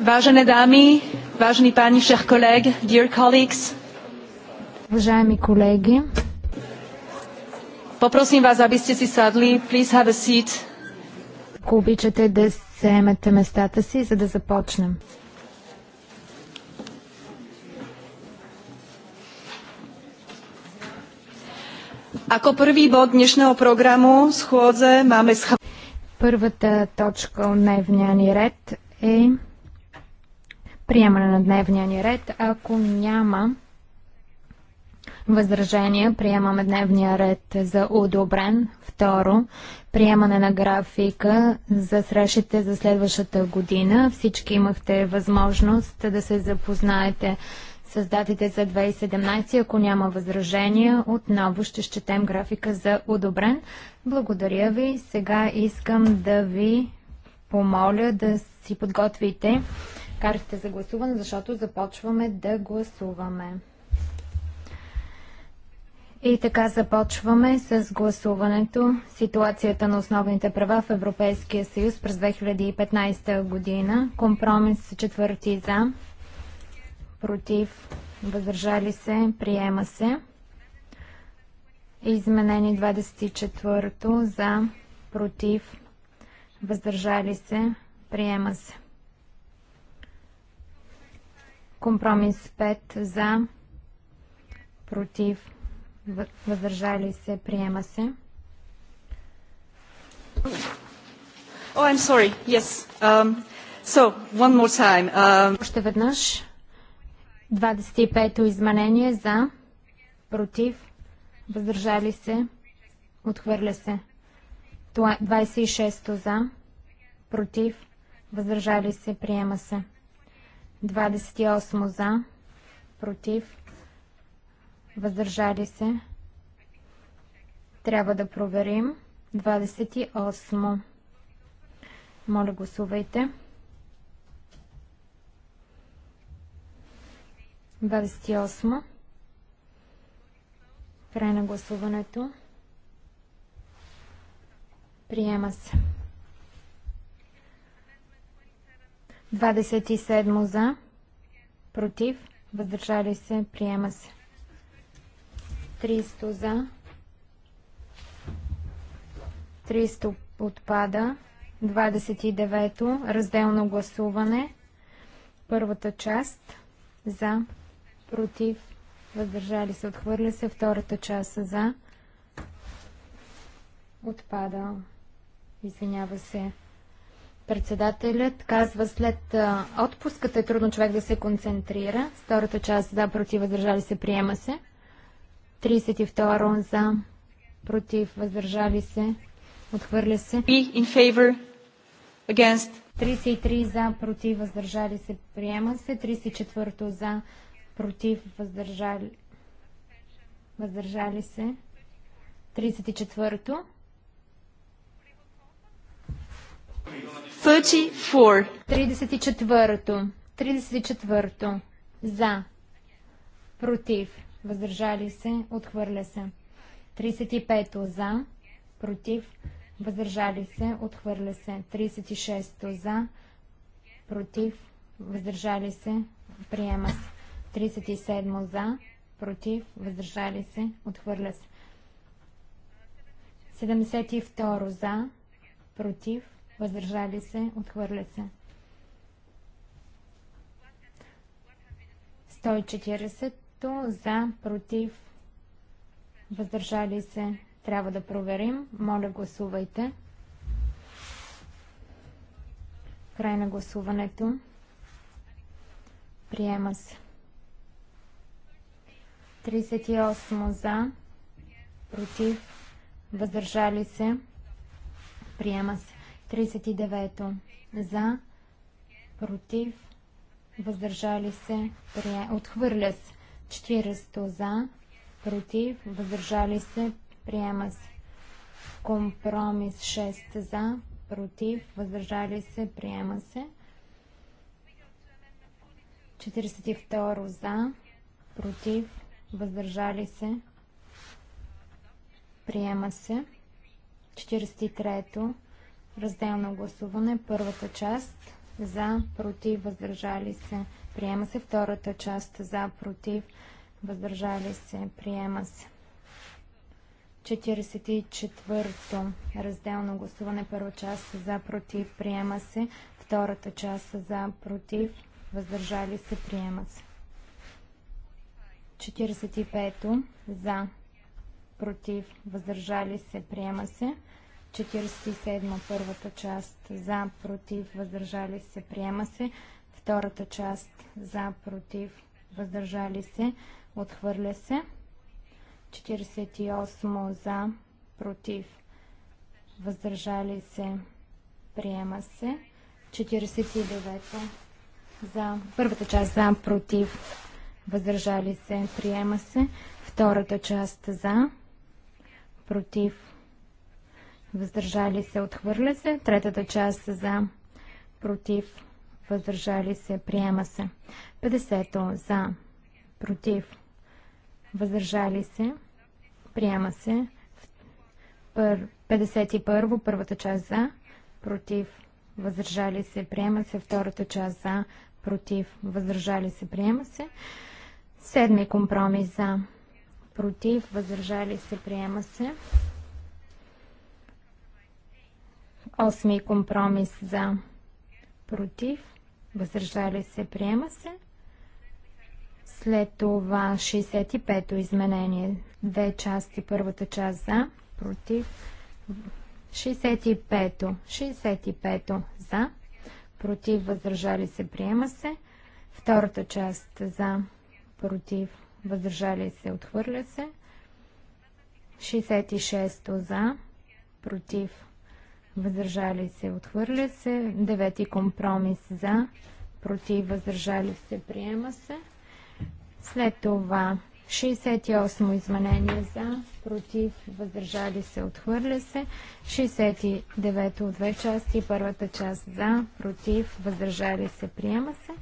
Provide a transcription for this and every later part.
Vážené dámy, vážení páni, všech koleg, dear colleagues. Уважаеми колеги, Попросим вас, aby ste si sadli. Please have a seat. Ако обичате да заемете местата си, за да започнем. Ako prvý bod dnešného programu schôdze máme Първата точка от дневния ни ред е приемане на дневния ни ред. Ако няма възражения, приемаме дневния ред за одобрен. Второ, приемане на графика за срещите за следващата година. Всички имахте възможност да се запознаете с с датите за 2017. Ако няма възражения, отново ще счетем графика за одобрен. Благодаря ви. Сега искам да ви помоля да си подготвите картите за гласуване, защото започваме да гласуваме. И така започваме с гласуването. Ситуацията на основните права в Европейския съюз през 2015 година. Компромис четвърти за против, въздържали се, приема се. Изменение 24 за, против, въздържали се, приема се. Компромис 5 за, против, въздържали се, приема се. Oh, I'm sorry. Yes. Um, so, one more time. Um... Още веднъж. 25-то изменение за, против, въздържали се, отхвърля се. 26-то за, против, въздържали се, приема се. 28 за, против, въздържали се. Трябва да проверим. 28. Моля, гласувайте. 28. Край на гласуването. Приема се. 27 за. Против. Въздържали се. Приема се. 300 за. 300 отпада. 29. Разделно гласуване. Първата част. За против, въздържали се, отхвърля се. Втората част за, отпада, извинява се. Председателят казва след отпуската е трудно човек да се концентрира. Втората част за, против, въздържали се, приема се. 32 за, против, въздържали се, отхвърля се. Be in favor, against. 33 за, против, въздържали се, приема се. 34 за, против, въздържали, въздържали се. 34-то. 34-то. 34-то. За. Против. Въздържали се. Отхвърля се. 35-то. За. Против. Въздържали се. Отхвърля се. 36-то. За. Против. Въздържали се. Приема се. 37 за, против, въздържали се, отхвърля се. 72 за, против, въздържали се, отхвърля се. 140 за, против, въздържали се, трябва да проверим. Моля, гласувайте. Край на гласуването. Приема се. 38 за, против, въздържали се, приема се. 39 за, против, въздържали се, прие... отхвърля се. 40 за, против, въздържали се, приема се. Компромис 6 за, против, въздържали се, приема се. 42 за, против, въздържали се, приема се. 43-то, разделно гласуване, първата част, за, против, въздържали се, приема се. Втората част, за, против, въздържали се, приема се. 44-то разделно гласуване, първа част за против, приема се, втората част за против, въздържали се, приема се. 45 за, против, въздържали се, приема се. 47 първата част за, против, въздържали се, приема се. Втората част за, против, въздържали се, отхвърля се. 48 за, против, въздържали се, приема се. 49 за, първата част за, против, въздържали се, приема се. Втората част за, против, въздържали се, отхвърля се. Третата част за, против, въздържали се, приема се. 50 за, против, въздържали се, приема се. 51-во, първата част за, против, въздържали се, приема се. Втората част за, против, въздържали се, приема се. Седми компромис за. Против. Въздържали се. Приема се. Осми компромис за. Против. Въздържали се. Приема се. След това 65-то изменение. Две части. Първата част за. Против. 65-то. 65-то за. Против. Въздържали се. Приема се. Втората част за. Против против, въздържали се, отхвърля се. 66 за, против, въздържали се, отхвърля се. Девети компромис за, против, въздържали се, приема се. След това 68 изменение за, против, въздържали се, отхвърля се. 69 от две части, първата част за, против, въздържали се, приема се.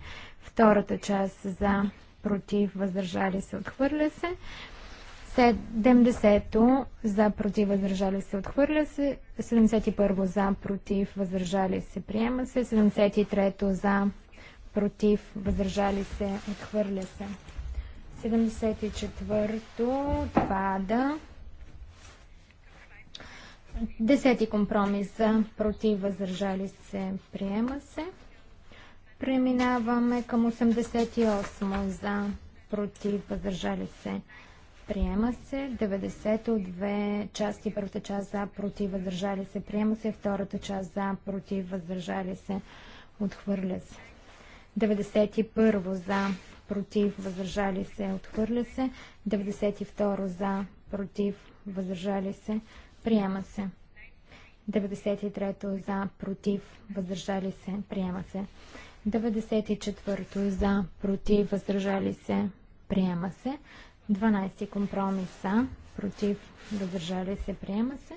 Втората част за, против, въздържали се, отхвърля се. 70-то за против въздържали се отхвърля се, 71 за против въздържали се приема се, 73-то за против въздържали се отхвърля се. 74-то отпада. Десети компромис за против въздържали се приема се. Преминаваме към 88 за против, въздържали се. Приема се 90 от две части. Първата част за против, въздържали се. Приема се втората част за против, въздържали се. Отхвърля се. 91 за против, въздържали се. Отхвърля се. 92 за против, въздържали се. Приема се. 93 за против, въздържали се. Приема се. 94 за, против, въздържали се, приема се. 12 компромиса, против, въздържали се, приема се.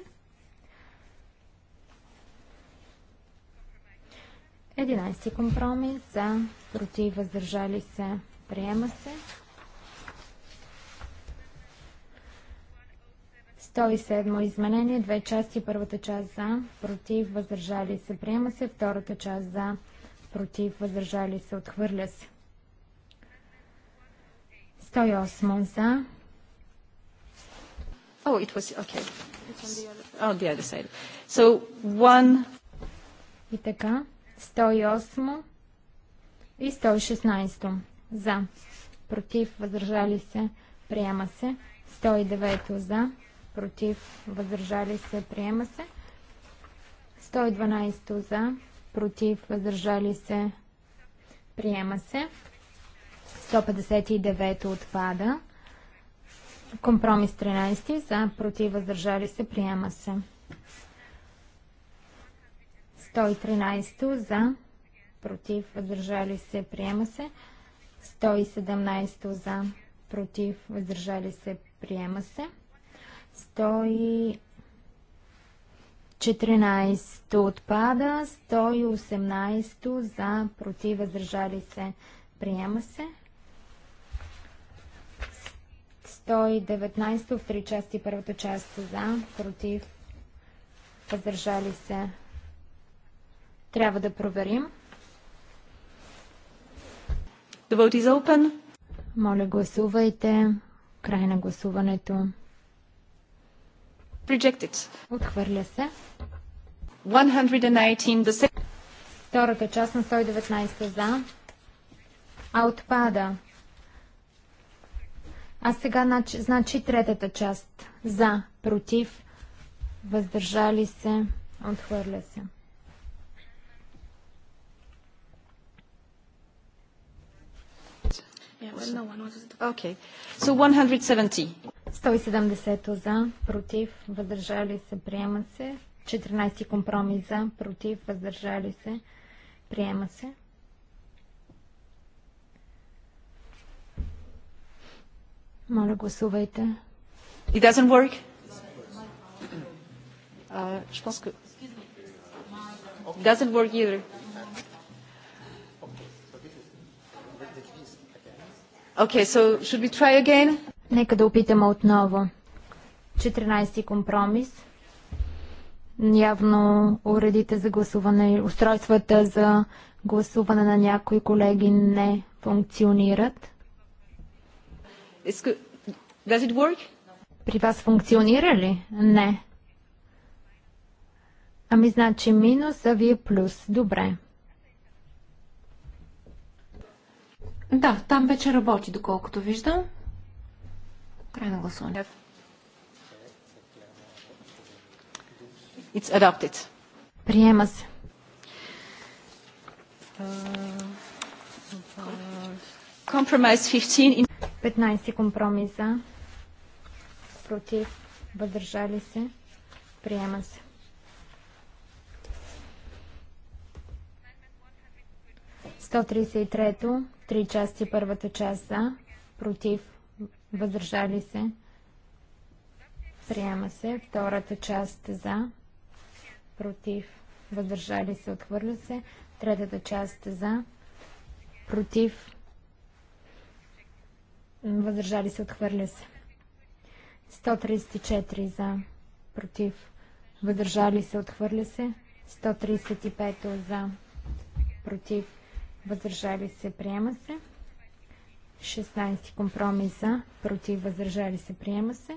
11 компромис за, против, въздържали се, приема се. 107 изменение, две части, първата част за, против, въздържали се, приема се, втората част за, против, въздържали се, отхвърля се. 108 за. Oh, it was okay. It's on the other, on the other side. So one. И така, 108 и 116 за. Против, въздържали се, приема се. 109 за. Против, въздържали се, приема се. 112 за против, въздържали се, приема се. 159 отпада. Компромис 13 за, против, въздържали се, приема се. 113 за, против, въздържали се, приема се. 117 за, против, въздържали се, приема се. 100 14 отпада, 118 за, против, въздържали се, приема се. 119 в три части, първата част за, против, въздържали се. Трябва да проверим. The vote is open. Моля, гласувайте. Край на гласуването. Rejected. Отхвърля се. 119. The... Втората част на 119 за. А отпада. А сега значи третата част. За, против, въздържали се, отхвърля се. Yeah, well, no one was... Okay. So 170. 170 за, против, въздържали се, приема се. 14 компромис за, против, въздържали се, приема се. Моля, гласувайте. It doesn't work? Uh, je pense que... It doesn't work either. Okay, so should we try again? Нека да опитаме отново. 14 компромис. Явно уредите за гласуване, устройствата за гласуване на някои колеги не функционират. При вас функционира ли? Не. Ами значи минус, а вие плюс. Добре. Да, там вече работи, доколкото виждам. Край на гласуване. It's adopted. Приема се. Компромис 15. 15 компромиса. Против. Въдържали се. Приема се. Сто три части. Първата част за. Против въздържали се, приема се. Втората част за, против, въздържали се, отхвърля се. Третата част за, против, въздържали се, отхвърля се. 134 за, против, въздържали се, отхвърля се. 135 за, против, въздържали се, приема се. 16 компромиса против въздържали се приема се.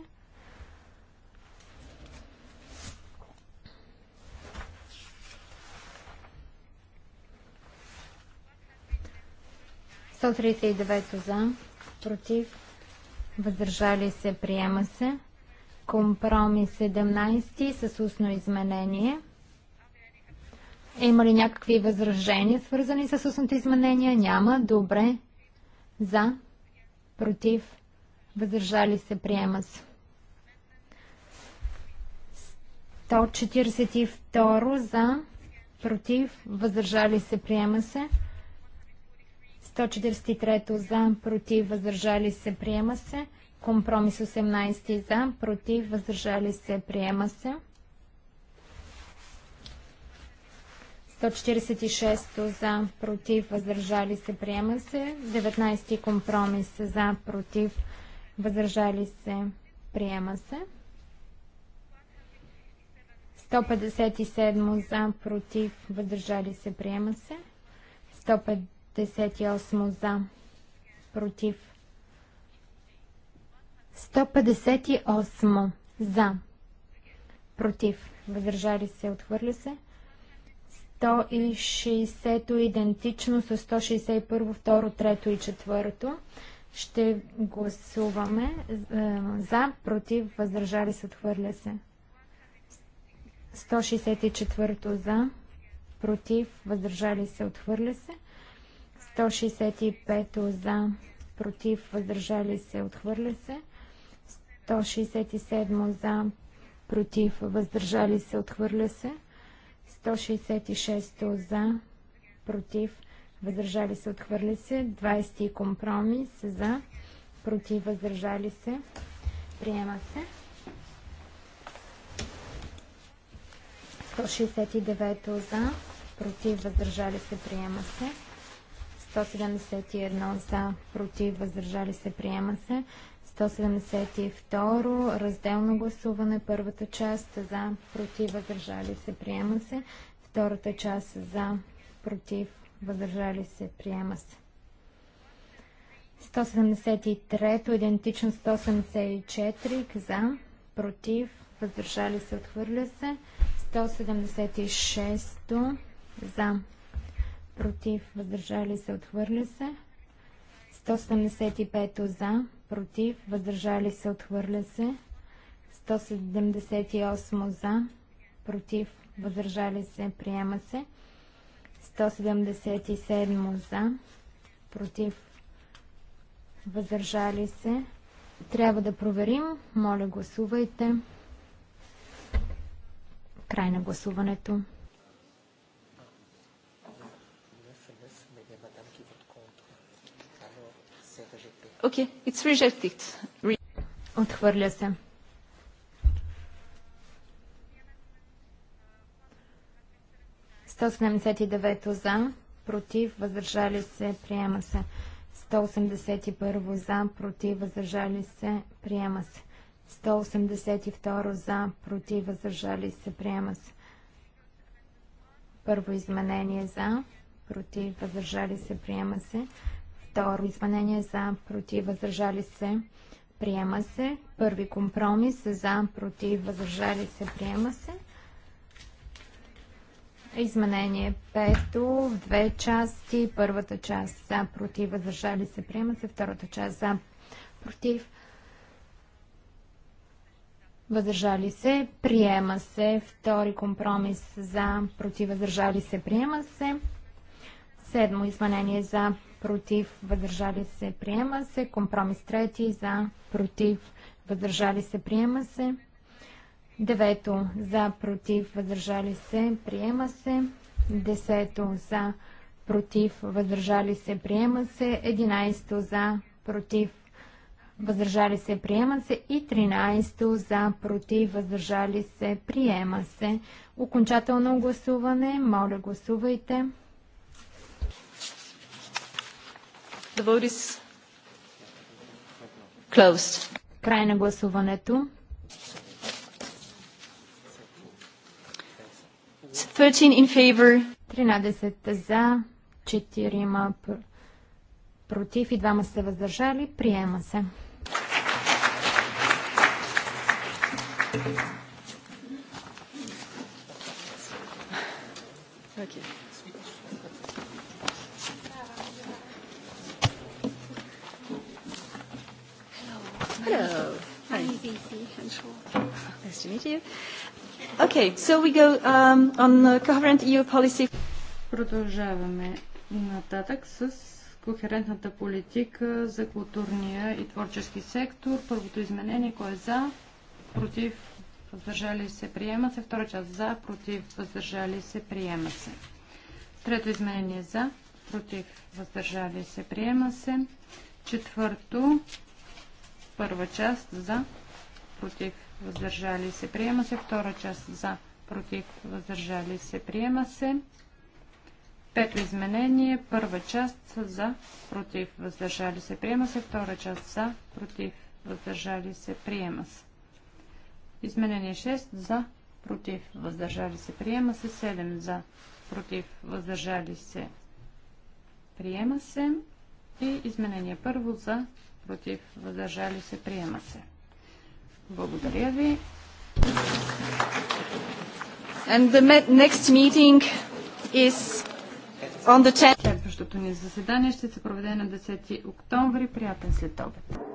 Сто за против въздържали се приема се. Компромис 17 с устно изменение. Има ли някакви възражения, свързани с устното изменение? Няма. Добре. За. Против. Въздържали се. Приема се. 142 за. Против. Въздържали се. Приема се. 143 за. Против. Въздържали се. Приема се. Компромис 18 за. Против. Въздържали се. Приема се. 146 за, против, въздържали се, приема се. 19 компромис за, против, въздържали се, приема се. 157 за, против, въздържали се, приема се. 158 за, против. 158 за, против, въздържали се, отхвърля се. 160-то идентично с 161-во, 2-ро, 3-то и 4-то. Ще гласуваме е, за, против, въздържали се, отхвърля се. 164-то за, против, въздържали се, отхвърля се. 165-то за, против, въздържали се, отхвърля се. 167 за, против, въздържали се, отхвърля се. 166 за, против, въздържали се, отхвърли се. 20 компромис за, против, въздържали се, приема се. 169 за, против, въздържали се, приема се. 171 за, против, въздържали се, приема се. 172. Разделно гласуване. Първата част за, против, въздържали се, приема се. Втората част за, против, въздържали се, приема се. 173. Идентично 174. За, против, въздържали се, отхвърля се. 176. За, против, въздържали се, отхвърля се. 175. За, против, въздържали се, отхвърля се. 178 за, против, въздържали се, приема се. 177 за, против, въздържали се. Трябва да проверим. Моля, гласувайте. Край на гласуването. Е, Отхвърля се. Сто за, против, въздържали се, приема се. 181 за, против, въздържали се, приема се. 182 за, против, въздържали се, приема се. Първо изменение за, против, въздържали се, приема се. Второ изменение за против въздържали се. Приема се. Първи компромис за против въздържали се. Приема се. Изменение пето в две части. Първата част за против въздържали се. Приема се. Втората част за против въздържали се. Приема се. Втори компромис за против въздържали се. Приема се. Седмо изменение за против, въздържали се, приема се. Компромис трети за, против, въздържали се, приема се. Девето за, против, въздържали се, приема се. Десето за, против, въздържали се, приема се. Единайсто за, против, въздържали се, приема се. И 13 за, против, въздържали се, приема се. Окончателно гласуване. Моля, гласувайте. The vote is closed. Край на гласуването. 13 in favor. 13 за, 4 против и 2 се въздържали. Приема се. Okay. nice to meet you. Okay, so we go um, on coherent EU policy. Продължаваме нататък с кохерентната политика за културния и творчески сектор. Първото изменение, кое е за, против, въздържали се, приема се. Втора част за, против, въздържали се, приема се. Трето изменение за, против, въздържали се, приема се. Четвърто, първа част за, против, въздържали се, приема се. Втора част за, против, въздържали се, приема се. Пето изменение, първа част за, против, въздържали се, приема се. Втора част за, против, въздържали се, приема се. Изменение 6 за, против, въздържали се, приема се. 7 за, против, въздържали се, приема се. И изменение първо за, против, въздържали се, приема се. Благодаря ви. And the next meeting is on the 10 th Следващото ни заседание ще се проведе на 10 октомври. Приятен след обед.